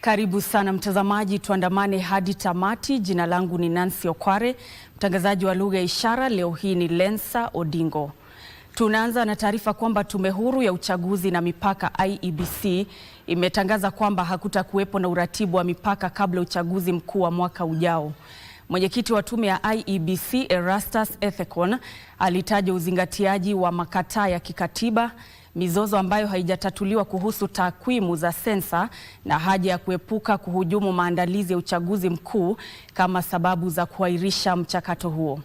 Karibu sana mtazamaji, tuandamane hadi tamati. Jina langu ni Nancy Okware, mtangazaji wa lugha ya ishara. Leo hii ni Lensa Odingo. Tunaanza na taarifa kwamba tume huru ya uchaguzi na mipaka IEBC imetangaza kwamba hakutakuwepo na uratibu wa mipaka kabla uchaguzi mkuu wa mwaka ujao. Mwenyekiti wa tume ya IEBC Erastus Ethekon alitaja uzingatiaji wa makataa ya kikatiba mizozo ambayo haijatatuliwa kuhusu takwimu za sensa na haja ya kuepuka kuhujumu maandalizi ya uchaguzi mkuu kama sababu za kuahirisha mchakato huo.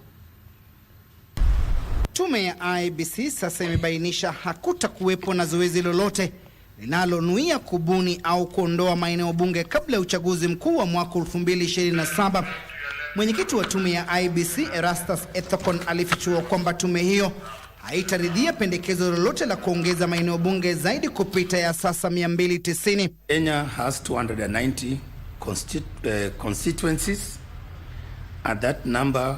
Tume ya IEBC sasa imebainisha hakutakuwepo na zoezi lolote linalonuia kubuni au kuondoa maeneo bunge kabla ya uchaguzi mkuu wa mwaka 2027. Mwenyekiti wa tume ya IEBC Erastus Ethekon alifichua kwamba tume hiyo haitaridhia pendekezo lolote la kuongeza maeneo bunge zaidi kupita ya sasa 290. Kenya has 290 eh, constituencies at that number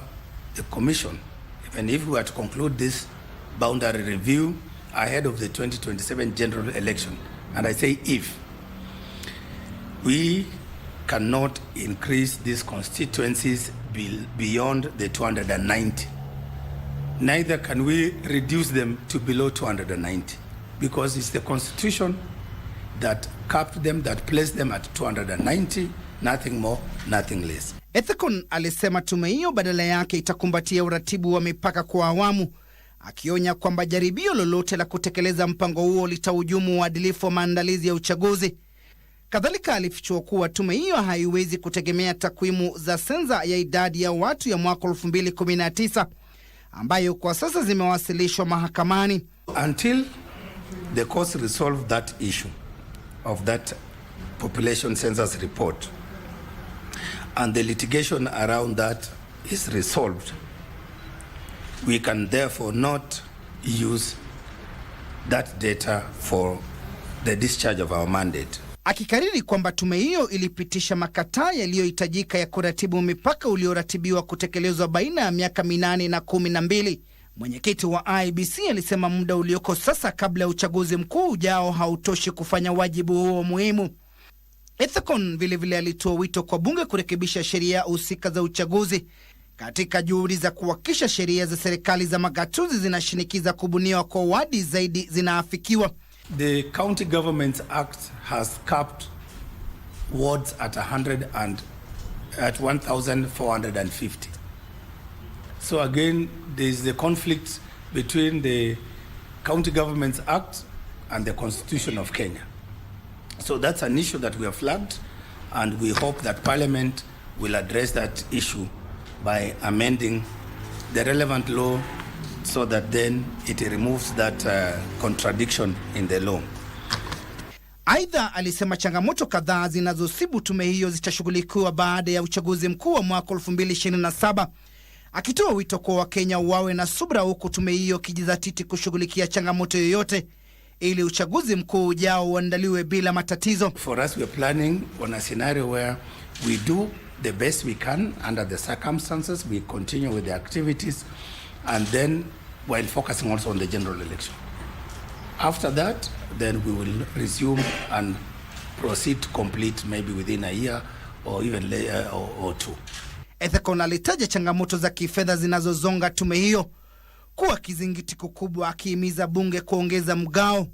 the commission even if we were to conclude this boundary review ahead of the 2027 general election and I say if we cannot increase these constituencies beyond the 290 neither can we reduce them to below 290 because it's the constitution that capped them that placed them at 290 nothing more nothing less. ethicon alisema tume hiyo badala yake itakumbatia uratibu wa mipaka kwa awamu, akionya kwamba jaribio lolote la kutekeleza mpango huo litahujumu uadilifu wa maandalizi ya uchaguzi. Kadhalika alifichua kuwa tume hiyo haiwezi kutegemea takwimu za sensa ya idadi ya watu ya mwaka 2019 ambayo kwa sasa zimewasilishwa mahakamani. Until the courts resolve that issue of that population census report and the litigation around that is resolved, we can therefore not use that data for the discharge of our mandate akikariri kwamba tume hiyo ilipitisha makataa yaliyohitajika ya kuratibu mipaka ulioratibiwa kutekelezwa baina ya miaka minane na kumi na mbili. Mwenyekiti wa IBC alisema muda ulioko sasa kabla ya uchaguzi mkuu ujao hautoshi kufanya wajibu huo muhimu. Ethekon vilevile alitoa wito kwa bunge kurekebisha sheria husika za uchaguzi katika juhudi za kuhakikisha sheria za serikali za magatuzi zinashinikiza kubuniwa kwa wadi zaidi zinaafikiwa. The County Government Act has capped wards at 100 and at 1,450. So again, there is the conflict between the County Governments Act and the Constitution of Kenya. So that's an issue that we have flagged, and we hope that Parliament will address that issue by amending the relevant law so that then it removes that uh, contradiction in the law. Aidha, alisema changamoto kadhaa zinazosibu tume hiyo zitashughulikiwa baada ya uchaguzi mkuu wa mwaka 2027 akitoa wito kwa Wakenya wawe na subra, huku tume hiyo kijizatiti kushughulikia changamoto yoyote ili uchaguzi mkuu ujao uandaliwe bila matatizo. For us we are planning on a scenario where we do the best we can under the circumstances, we continue with the activities and then while focusing also on the general election. After that, then we will resume and proceed to complete maybe within a year or even later or, or two. Ethekon alitaja changamoto za kifedha zinazozonga tume hiyo kuwa kizingiti kikubwa, akihimiza bunge kuongeza mgao,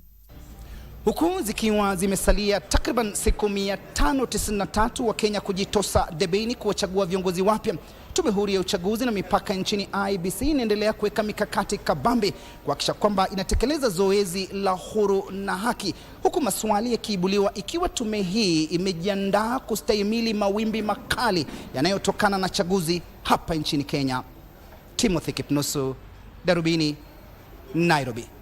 huku zikiwa zimesalia takriban siku 593 wa Kenya kujitosa debeni kuwachagua viongozi wapya. Tume Huru ya Uchaguzi na Mipaka nchini IEBC inaendelea kuweka mikakati kabambe kuhakikisha kwamba inatekeleza zoezi la huru na haki, huku maswali yakiibuliwa ikiwa tume hii imejiandaa kustahimili mawimbi makali yanayotokana na chaguzi hapa nchini Kenya. Timothy Kipnusu, Darubini, Nairobi.